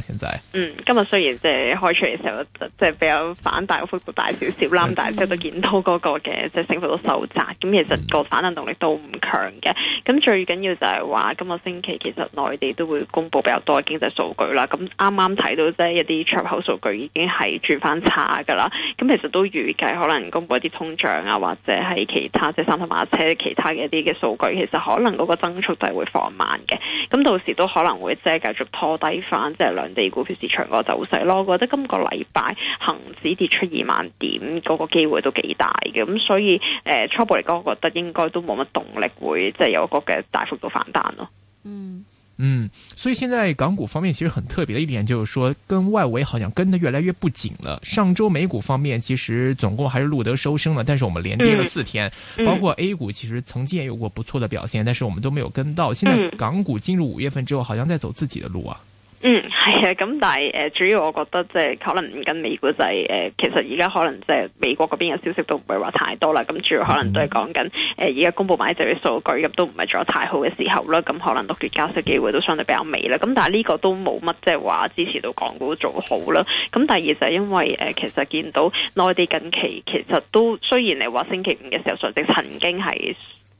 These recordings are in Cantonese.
現在嗯，今日雖然即係開出嚟嘅時候即係比較反大個幅度大少少啦、那個，咁但係都見到嗰個嘅即係升幅都收窄，咁其實個反彈動力都唔強嘅。咁最緊要就係話今個星期其實內地都會公布比較多經濟數據啦。咁啱啱睇到即係一啲出口數據已經係轉翻差噶啦。咁其實都預計可能公布一啲通脹啊，或者係其他即係三頭馬車其他嘅一啲嘅數據，其實可能嗰個增速都係會放慢嘅。咁到時都可能會即係繼續拖低翻即係。兩地股票市場個走勢咯，我覺得今個禮拜恆指跌出二萬點嗰、這個機會都幾大嘅，咁所以誒、呃、初步嚟講，我覺得應該都冇乜動力會即係有一個嘅大幅度反彈咯。嗯嗯，所以現在港股方面其實很特別嘅一點，就是說，跟外圍好像跟得越來越不緊了。上周美股方面其實總共還是錄得收升啦，但是我們連跌了四天、嗯，包括 A 股其實曾經也有過不錯的表現，但是我們都沒有跟到。現在港股進入五月份之後，好像在走自己的路啊。嗯，係啊，咁但係誒、呃，主要我覺得即係可能跟美股就係誒，其實而家可能即係美國嗰邊嘅消息都唔係話太多啦，咁主要可能都係講緊誒，而、嗯、家、呃、公布埋一啲嘅數據咁都唔係做得太好嘅時候啦，咁可能獨跌交息機會都相對比較微啦。咁但係呢個都冇乜即係話支持到港股做好啦。咁第二就係因為誒、呃，其實見到內地近期其實都雖然你話星期五嘅時候甚至曾經係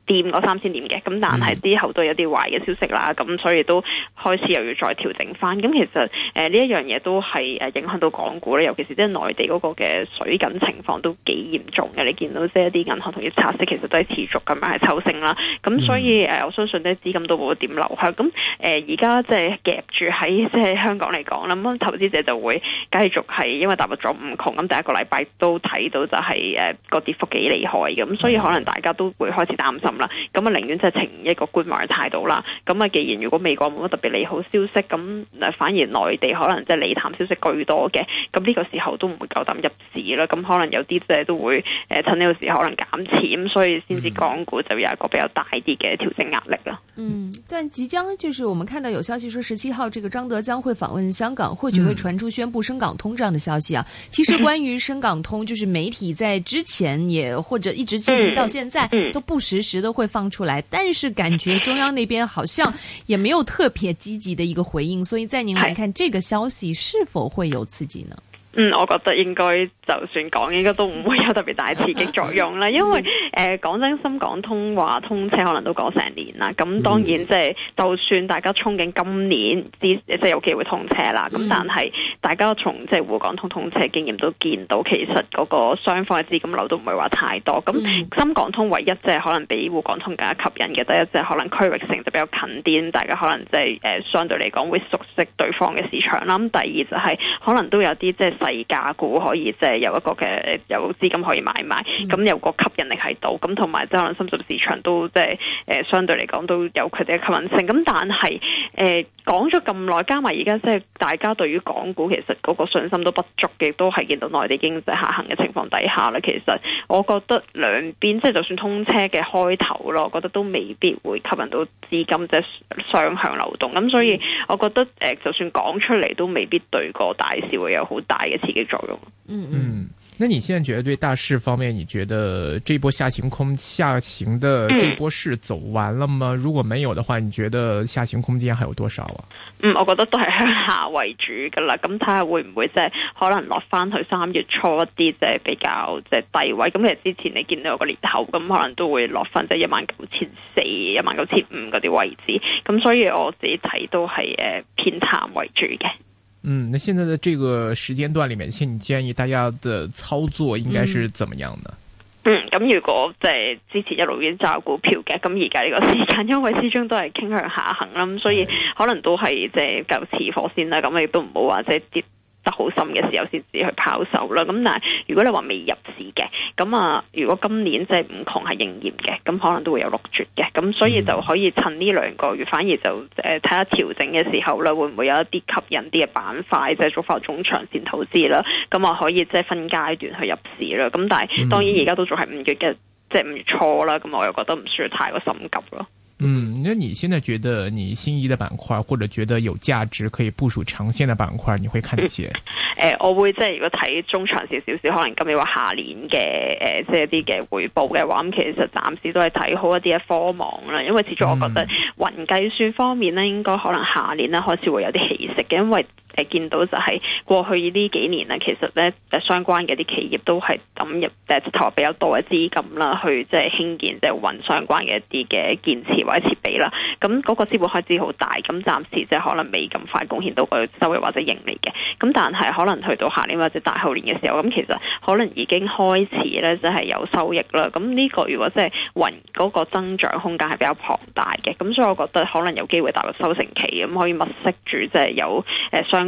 掂嗰三千點嘅，咁但係之後都有啲壞嘅消息啦，咁所以都開始又要再調整翻。咁其實誒呢一樣嘢都係誒影響到港股啦，尤其是即係內地嗰個嘅水緊情況都幾嚴重嘅。你見到即係一啲銀行同啲拆息其實都係持續咁樣係抽升啦。咁所以誒、嗯、我相信呢資金都冇點流向。咁誒而家即係夾住喺即係香港嚟講啦，咁投資者就會繼續係因為大幅咗唔強，咁第一個禮拜都睇到就係誒個跌幅幾厲害嘅，咁所以可能大家都會開始擔心。咁啊，寧願就係呈一個觀望嘅態度啦。咁啊，既然如果美國冇乜特別利好消息，咁反而內地可能即係利淡消息居多嘅，咁呢個時候都唔會夠膽入市啦。咁可能有啲即係都會誒趁呢個時候可能減錢，所以先至港股就有一個比較大啲嘅調整壓力啦。嗯，在即將就是我們看到有消息說十七號這個張德江會訪問香港，或許會傳出宣布深港通這樣的消息啊。其實關於深港通，就是媒體在之前也或者一直進行到現在都不時時都。都會放出來，但是感覺中央那邊好像也沒有特別積極的一個回應，所以在您來看，這個消息是否會有刺激呢？嗯，我覺得應該。就算講應該都唔會有特別大刺激作用啦，因為誒講真，深港通話通車可能都講成年啦。咁當然即係就算大家憧憬今年即係有機會通車啦。咁但係大家從即係滬港通通車經驗都見到，其實嗰個雙方嘅資金流都唔會話太多。咁深港通唯一即係可能比滬港通更加吸引嘅，第一即係可能區域性就比較近啲，大家可能即係誒相對嚟講會熟悉對方嘅市場啦。咁第二就係可能都有啲即係細價股可以即係有一個嘅有資金可以買賣，咁有個吸引力喺度，咁同埋即係可能深圳市場都即係誒相對嚟講都有佢哋嘅吸引性。咁但係誒講咗咁耐，加埋而家即係大家對於港股其實嗰個信心都不足嘅，也都係見到內地經濟下行嘅情況底下咧。其實我覺得兩邊即係就算通車嘅開頭咯，我覺得都未必會吸引到資金即係雙向流動。咁所以我覺得誒、呃，就算講出嚟都未必對個大市會有好大嘅刺激作用。嗯嗯，那你現在覺得對大市方面，你覺得這波下行空下行的這波市走完了嗎，嗯？如果沒有的話，你覺得下行空間還有多少啊？嗯，我覺得都係向下為主噶啦，咁睇下會唔會即係可能落翻去三月初一啲即係比較即係低位，咁其實之前你見到有個裂口咁，咁可能都會落翻即係一萬九千四、一萬九千五嗰啲位置，咁所以我自己睇都係誒偏淡為主嘅。嗯，那現在的這個時間段裏面，請你建議大家的操作應該是怎麼樣的？嗯，咁、嗯、如果即係之前一路已經揸股票嘅，咁而家呢個時間因為始終都係傾向下行啦，咁所以可能都係即係沽咗貨先啦，咁你都唔好話即係跌得好深嘅時候先至去拋售啦。咁但係如果你話未入市嘅，咁啊，如果今年即係五窮係應驗嘅，咁可能都會有六絕嘅。咁所以就可以趁呢兩個月，反而就誒睇下調整嘅時候啦，會唔會有一啲吸引啲嘅板塊，即係做翻中長線投資啦。咁啊，可以即係分階段去入市啦。咁但係當然而家都仲係五月嘅，即係五月初啦。咁我又覺得唔算太過心急咯。嗯，那你現在覺得你心儀的板塊，或者覺得有價值，可以部署長線的板塊，你會看啲咩？誒、呃，我會即係、呃、如果睇中長線少少，可能咁你話下年嘅，誒，即係一啲嘅回報嘅話，咁其實暫時都係睇好一啲嘅科網啦。因為始終我覺得雲計算方面呢，應該可能下年呢開始會有啲起色嘅，因為。誒見到就係過去呢幾年啊，其實咧誒相關嘅啲企業都係抌入誒投入比較多嘅資金啦，去即係興建即係揾相關嘅一啲嘅建設或者設備啦。咁嗰個資本開支好大，咁暫時即係可能未咁快貢獻到個收益或者盈利嘅。咁但係可能去到下年或者大後年嘅時候，咁其實可能已經開始咧，即係有收益啦。咁呢個如果即係揾嗰個增長空間係比較龐大嘅，咁所以我覺得可能有機會踏入收成期咁，可以物色住即係有誒相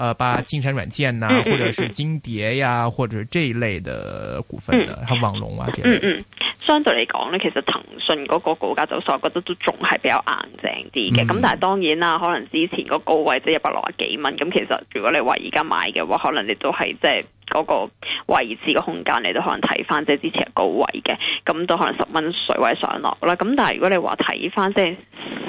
誒，把金山軟件吶、啊，或者是金蝶呀、啊，或者這一類嘅股份嘅，有網龍啊，嗯啊嗯，嗯，嗯，相對嚟講呢，其實騰訊嗰個股價走勢，我覺得都仲係比較硬淨啲嘅。咁、嗯、但係當然啦，可能之前個高位即係一百六啊幾蚊，咁其實如果你話而家買嘅話，可能你都係即係嗰個位置嘅空間，你都可能睇翻即係之前嘅高位嘅，咁都可能十蚊水位上落啦。咁但係如果你話睇翻即係。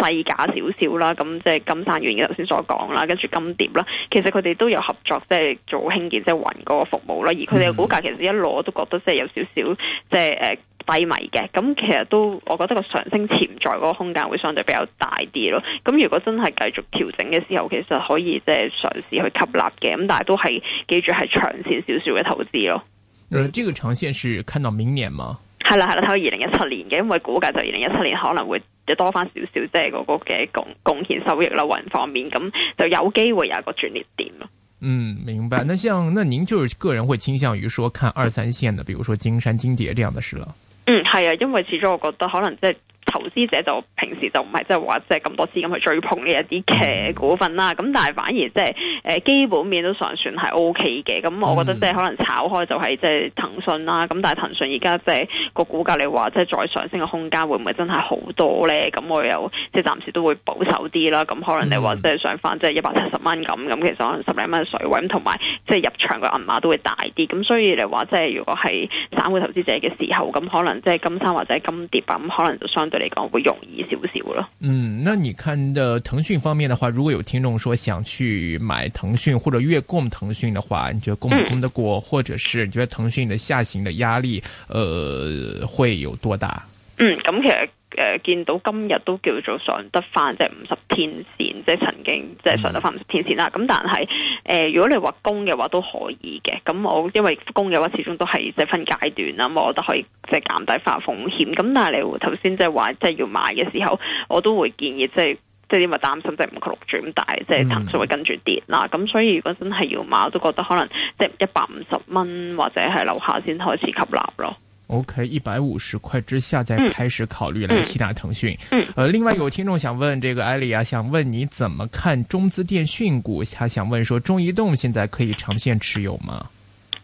細價少少啦，咁即係金山軟件頭先所講啦，跟住金蝶啦，其實佢哋都有合作，即係做興建即係雲嗰個服務啦。而佢哋嘅股價其實一攞都覺得即係有少少即係誒低迷嘅。咁其實都我覺得個上升潛在嗰個空間會相對比較大啲咯。咁如果真係繼續調整嘅時候，其實可以即係嘗試去吸納嘅。咁但係都係記住係長線少少嘅投資咯。嗯，呢個長線是看到明年嗎？係啦，係啦，睇到二零一七年嘅，因為估計就二零一七年可能會多翻少少，即係嗰個嘅貢貢獻收益啦，運方面咁就有機會有一個轉捩點咯。嗯，明白。那像，那您就是個人會傾向於說，看二三綫嘅，比如說金山金蝶這樣的事啦。嗯，係啊，因為始終我覺得可能即係投資者就平時就唔係即係話即係咁多資金去追捧呢一啲嘅股份啦，咁、嗯、但係反而即係。誒基本面都尚算係 O K 嘅，咁我覺得即係可能炒開就係即係騰訊啦。咁、嗯、但係騰訊而家即係個股價你話即係再上升嘅空間會唔會真係好多咧？咁我又即係暫時都會保守啲啦。咁可能你話即係上翻即係一百七十蚊咁，咁、嗯、其實可能十零蚊水位，同埋即係入場嘅銀碼都會大啲。咁所以你話即係如果係散戶投資者嘅時候，咁可能即係金三或者金碟咁，可能就相對嚟講會容易少少咯。嗯，那你看的騰訊方面嘅話，如果有聽眾說想去買，騰訊或者月供騰訊嘅話，你覺得供唔供得過，嗯，或者是你覺得騰訊嘅下行嘅壓力，呃，會有多大？嗯，咁、嗯、其實誒、呃、見到今日都叫做上得翻即係五十天線，即、就、係、是、曾經即係、就是、上得翻五十天線啦。咁但係誒、呃、如果你話供嘅話都可以嘅，咁我因為供嘅話始終都係即係分階段啦，咁我都可以即係減低翻風險。咁但係你頭先即係話即係要買嘅時候，我都會建議即係。就是即係因為擔心，即係五棵綠轉大，即係騰訊會跟住跌啦。咁、嗯、所以如果真係要買，我都覺得可能即係一百五十蚊或者係樓下先開始吸納咯。OK，一百五十塊之下再開始考慮嚟吸納騰訊。嗯，嗯、呃，另外有聽眾想問，這個艾莉啊，想問你怎麼看中資電訊股？他想問說，中移動現在可以長線持有嗎？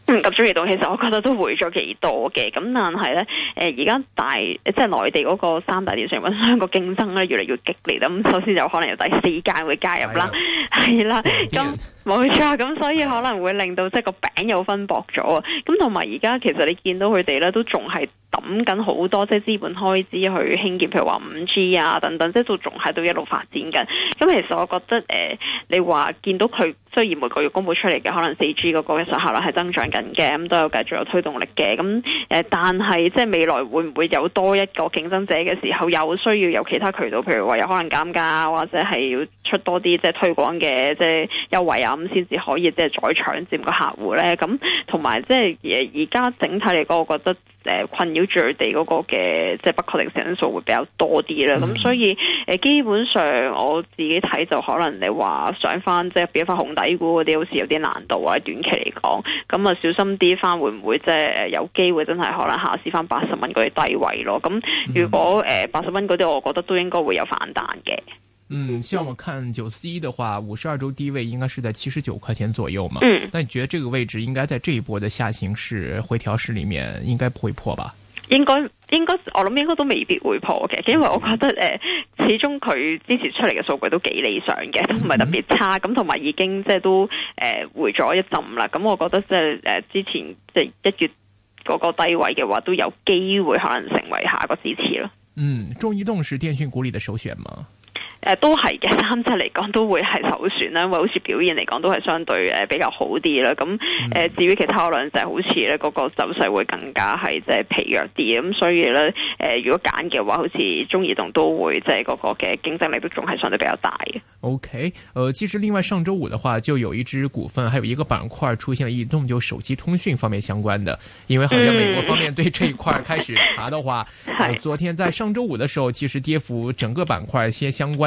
唔及中移動，其實我覺得都回咗幾多嘅。咁但係咧，誒而家大即係內地嗰個三大電信揾香港競爭咧，越嚟越激烈。咁首先就可能有第四間會加入啦，係啦，咁。冇錯，咁所以可能會令到即係、就是、個餅有分薄咗啊！咁同埋而家其實你見到佢哋咧都仲係抌緊好多即係資本開支去興建，譬如話五 G 啊等等，即係都仲喺度一路發展緊。咁其實我覺得誒、呃，你話見到佢雖然每個月公布出嚟嘅可能四 G 嗰個嘅實效率係增長緊嘅，咁都有繼續有推動力嘅。咁誒、呃，但係即係未來會唔會有多一個競爭者嘅時候，有需要有其他渠道，譬如話有可能減價，或者係要。出多啲即係推廣嘅即係優惠啊，咁先至可以即係再搶佔個客戶咧。咁同埋即係而家整體嚟講，我覺得誒困擾住佢哋嗰個嘅即係不確定性因素會比較多啲啦。咁、嗯、所以誒基本上我自己睇就可能你話想翻即係變翻紅底股嗰啲，好似有啲難度或者短期嚟講，咁啊小心啲翻會唔會即係有機會真係可能下試翻八十蚊嗰啲低位咯。咁如果誒八十蚊嗰啲，我覺得都應該會有反彈嘅。嗯，像我看九四一的話，五十二周低位應該是在七十九塊錢左右嘛。嗯，那你覺得這個位置應該在這一波的下行是回調市裏面應該不會破吧？應該應該我諗應該都未必會破嘅，因為我覺得誒、呃，始終佢之前出嚟嘅數據都幾理想嘅，都唔係特別差。咁同埋已經即係都誒回咗一浸啦。咁我覺得即係誒之前即係一月嗰個低位嘅話都有機會可能成為下個支持咯。嗯，中移動是電訊股裡的首選嗎？誒、呃、都係嘅，三隻嚟講都會係首選啦，因為好似表現嚟講都係相對誒、呃、比較好啲啦。咁、呃、誒至於其他兩隻好似咧，嗰個走勢會更加係即係疲弱啲咁，所以咧誒、呃、如果揀嘅話，好似中移動都會即係嗰個嘅競爭力都仲係相對比較大嘅。OK，誒、呃、其實另外上週五嘅話，就有一支股份，還有一個板塊出現了異動，就手機通訊方面相關的，因為好像美國方面對這一塊開始查的話，嗯 呃、昨天在上週五嘅時候，其實跌幅整個板塊先相關。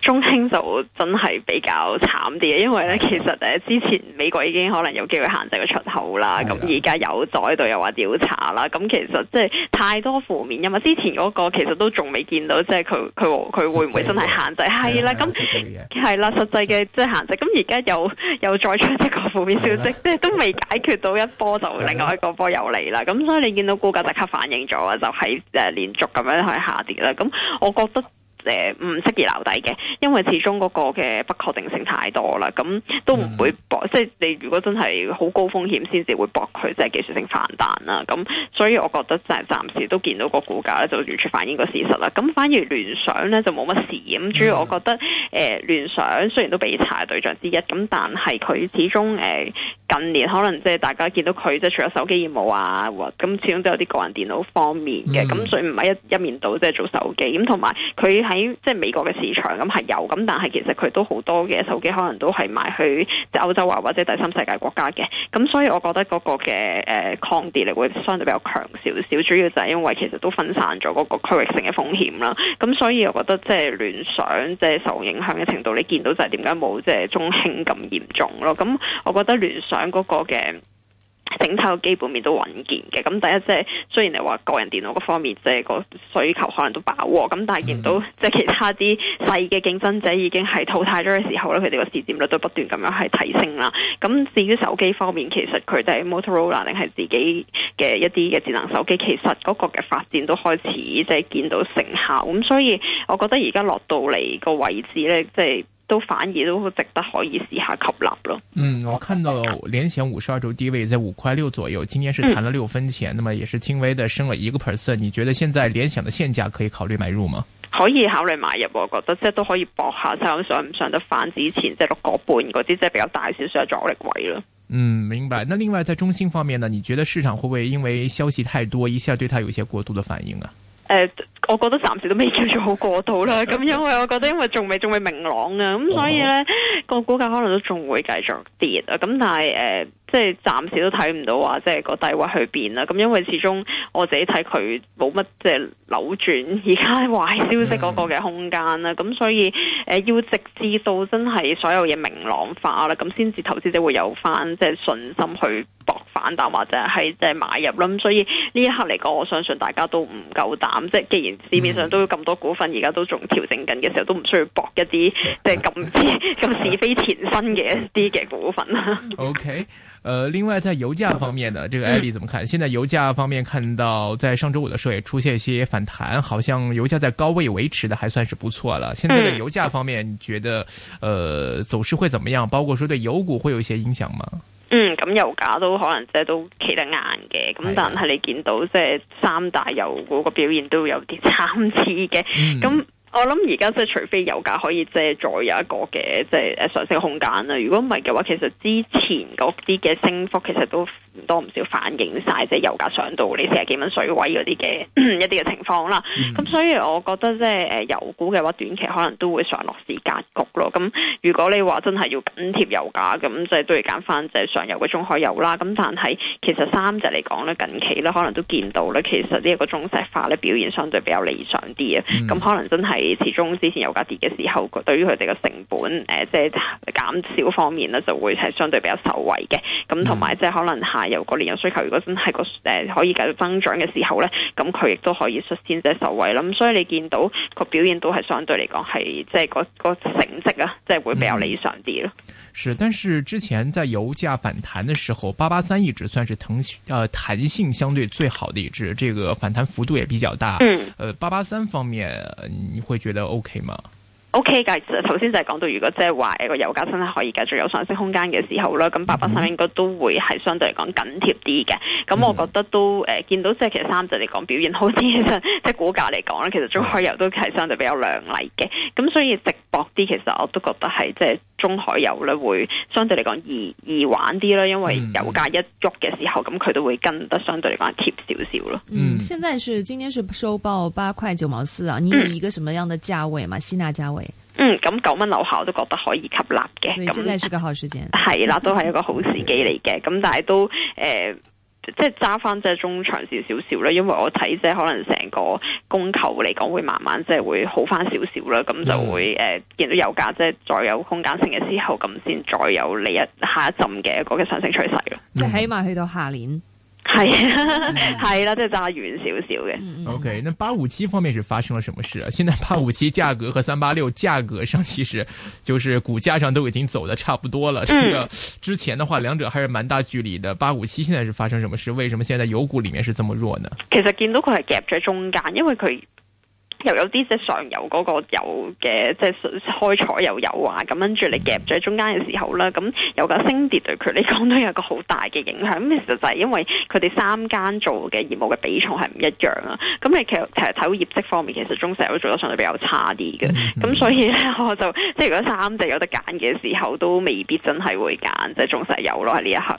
中興就真係比較慘啲嘅，因為咧其實誒之前美國已經可能有機會限制個出口啦，咁而家又喺度又話調查啦，咁其實即係太多負面，因為之前嗰個其實都仲未見到，即係佢佢佢會唔會真係限制係啦？咁係啦，實際嘅即係限制。咁而家又又再出一個負面消息，即係都未解決到一波，就另外一個波又嚟啦。咁所以你見到股價即刻反應咗啊，就喺、是、誒連續咁樣去下跌啦。咁我覺得。誒、呃，唔適宜留底嘅，因為始終嗰個嘅不確定性太多啦，咁都唔會博、嗯，即係你如果真係好高風險，先至會博佢即係技術性反彈啦。咁所以我覺得即係暫時都見到個股價咧就完全反映個事實啦。咁反而聯想咧就冇乜事，咁所以我覺得誒聯、呃、想雖然都俾查對象之一，咁但係佢始終誒、呃、近年可能即係大家見到佢即係除咗手機業務啊，咁始終都有啲個人電腦方面嘅，咁、嗯、所以唔係一一面倒即係做手機，咁同埋佢係。喺即係美國嘅市場咁係有，咁但係其實佢都好多嘅手機可能都係賣去歐洲啊或者第三世界國家嘅，咁所以我覺得嗰個嘅誒抗跌力會相對比較強少少，主要就係因為其實都分散咗嗰個區域性嘅風險啦，咁所以我覺得即係聯想即係、就是、受影響嘅程度，你見到就係點解冇即係中興咁嚴重咯，咁我覺得聯想嗰個嘅。整體個基本面都穩健嘅，咁第一即係雖然你話個人電腦嗰方面即係個需求可能都飽和，咁但係見到即係其他啲細嘅競爭者已經係淘汰咗嘅時候咧，佢哋個市佔率都不斷咁樣係提升啦。咁至於手機方面，其實佢哋係 Motorola 定係自己嘅一啲嘅智能手機，其實嗰個嘅發展都開始即係見到成效。咁所以我覺得而家落到嚟個位置咧，即係。都反而都值得可以試下吸納咯。嗯，我看到聯、嗯、想五十二周低位在五塊六左右，今天是彈了六分錢，那、嗯、麼也是輕微的升了一個 percent。你覺得現在聯想的現價可以考慮買入嗎？可以考慮買入，我覺得即係都可以搏下，即係上唔上得翻之前即係六個半嗰啲即係比較大少少嘅阻力位咯。嗯，明白。那另外在中興方面呢？你覺得市場會唔會因為消息太多，一下對它有些過度的反應啊？誒、呃。我覺得暫時都未叫做好過度啦，咁因為我覺得因為仲未仲未明朗啊，咁所以呢、哦、個股價可能都仲會繼續跌啊。咁但係誒、呃，即係暫時都睇唔到話，即係個低位去變啦。咁因為始終我自己睇佢冇乜即係扭轉，而家壞消息嗰個嘅空間啦，咁、嗯、所以誒、呃、要直至到真係所有嘢明朗化啦，咁先至投資者會有返即係信心去。反彈或者係即係買入啦，咁所以呢一刻嚟講，我相信大家都唔夠膽。即係既然市面上都有咁多股份，而家都仲調整緊嘅時候，都唔需要搏一啲即係咁咁是非前身嘅一啲嘅股份啦。OK，呃，另外在油價方面呢，這個艾莉怎麼看？現在油價方面看到在上周五的時候也出現一些反彈，好像油價在高位維持的還算是不錯了。現在的油價方面，你覺得呃走勢會怎麼樣？包括說對油股會有一些影響嗎？嗯，咁油價都可能即係都企得硬嘅，咁但係你見到即係三大油股個表現都有啲參差嘅，咁、嗯。我諗而家即係除非油價可以即係再有一個嘅即係誒上升空間啦，如果唔係嘅話，其實之前嗰啲嘅升幅其實都多唔少反映晒即係油價上到你四十幾蚊水位嗰啲嘅一啲嘅情況啦。咁、mm-hmm. 所以我覺得即係誒油股嘅話，短期可能都會上落市格局咯。咁如果你話真係要緊貼油價，咁即係都要揀翻即係上游嘅中海油啦。咁但係其實三隻嚟講咧，近期咧可能都見到咧，其實呢一個中石化咧表現相對比較理想啲啊。咁、mm-hmm. 可能真係。始終之前油價跌嘅時候，對於佢哋嘅成本，誒、呃，即係減少方面呢，就會係相對比較受惠嘅。咁同埋即係可能下游個煉油需求，如果真係個誒可以繼續增長嘅時候咧，咁佢亦都可以率先即係受惠啦。咁所以你見到個表現都係相對嚟講係即係個成績啊，即、就、係、是、會比較理想啲咯、嗯。是，但是之前在油價反彈嘅時候，八八三一直算是騰誒彈性相對最好嘅一隻，這個反彈幅度也比較大。嗯、呃，誒八八三方面。呃會覺得 O、OK、K 嗎？O K 噶頭先就係講到，如果即係話一個油價真係可以繼續有上升空間嘅時候咧，咁八八三應該都會係相對嚟講緊貼啲嘅。咁、mm-hmm. 我覺得都誒見到即係其實三隻嚟講表現好啲，其實即係股價嚟講咧，其實中海油都係相對比較亮麗嘅。咁所以值博啲，其實我都覺得係即係。中海油咧會相對嚟講易易玩啲啦，因為油價一喐嘅時候，咁、嗯、佢都會跟得相對嚟講貼少少咯。嗯，現在是今天是，收報八塊九毛四啊，你有一個什麼樣嘅價位嘛？吸納價位？嗯，咁九蚊樓下我都覺得可以吸納嘅。所以現在是個好時間。係啦，都係一個好時機嚟嘅。咁 但係都誒。呃即係揸翻，即係中長線少少啦。因為我睇即係可能成個供求嚟講會慢慢即係會好翻少少啦，咁、嗯、就會誒、呃、見到油價即係再有空間性嘅之後，咁先再有你一下一陣嘅一個嘅上升趨勢咯。即、嗯、係起碼去到下年。係啊，係 啦、啊，即係揸遠少少嘅。O、okay, K，那八五七方面是發生了什麼事啊？現在八五七價格和三八六價格上其實，就是股價上都已經走得差不多了。嗯， 之前的話兩者還是蠻大距離的。八五七現在是發生什麼事？為什麼現在，在油股裏面是這麼弱呢？其實見到佢係夾在中間，因為佢。又有啲即上游嗰個有嘅即係開採又有啊，咁跟住你夾咗喺中間嘅時候啦，咁有個升跌對佢，你講都有個好大嘅影響。咁其實就係因為佢哋三間做嘅業務嘅比重係唔一樣啊。咁你其實其實睇到業績方面，其實中石油做得相對比較差啲嘅。咁所以咧，我就即係如果三隻有得揀嘅時候，都未必真係會揀，即係中石油咯喺呢一刻。